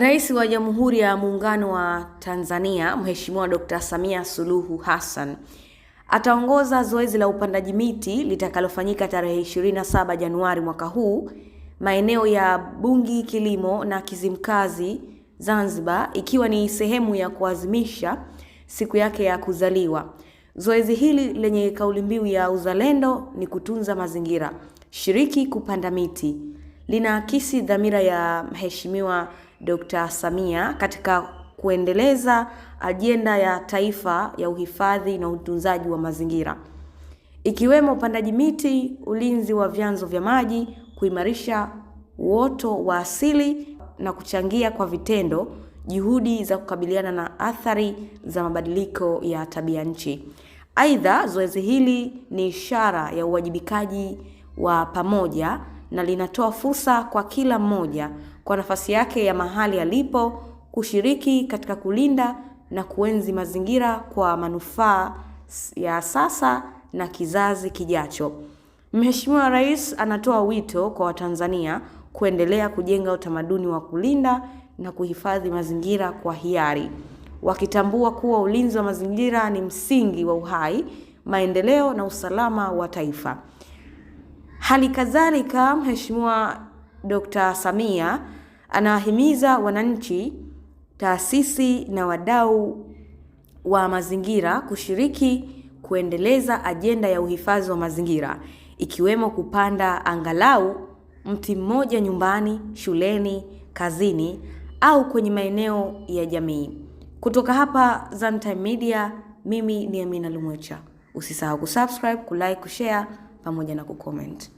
Rais wa Jamhuri ya Muungano wa Tanzania Mheshimiwa Dkt. Samia Suluhu Hassan ataongoza zoezi la upandaji miti litakalofanyika tarehe 27 Januari mwaka huu maeneo ya Bungi Kilimo na Kizimkazi Zanzibar, ikiwa ni sehemu ya kuadhimisha siku yake ya kuzaliwa. Zoezi hili lenye kauli mbiu ya uzalendo ni kutunza mazingira, shiriki kupanda miti, linaakisi dhamira ya Mheshimiwa Dr. Samia katika kuendeleza ajenda ya taifa ya uhifadhi na utunzaji wa mazingira ikiwemo upandaji miti, ulinzi wa vyanzo vya maji, kuimarisha uoto wa asili na kuchangia kwa vitendo juhudi za kukabiliana na athari za mabadiliko ya tabia nchi. Aidha, zoezi hili ni ishara ya uwajibikaji wa pamoja na linatoa fursa kwa kila mmoja kwa nafasi yake ya mahali alipo kushiriki katika kulinda na kuenzi mazingira kwa manufaa ya sasa na kizazi kijacho. Mheshimiwa Rais anatoa wito kwa Watanzania kuendelea kujenga utamaduni wa kulinda na kuhifadhi mazingira kwa hiari, wakitambua kuwa ulinzi wa mazingira ni msingi wa uhai, maendeleo na usalama wa taifa. Hali kadhalika Mheshimiwa Dkt. Samia anawahimiza wananchi, taasisi na wadau wa mazingira kushiriki kuendeleza ajenda ya uhifadhi wa mazingira ikiwemo kupanda angalau mti mmoja nyumbani, shuleni, kazini au kwenye maeneo ya jamii. Kutoka hapa Zantime Media, mimi ni Amina Lumwecha. Usisahau kusubscribe, kulike, kushare pamoja na kucomment.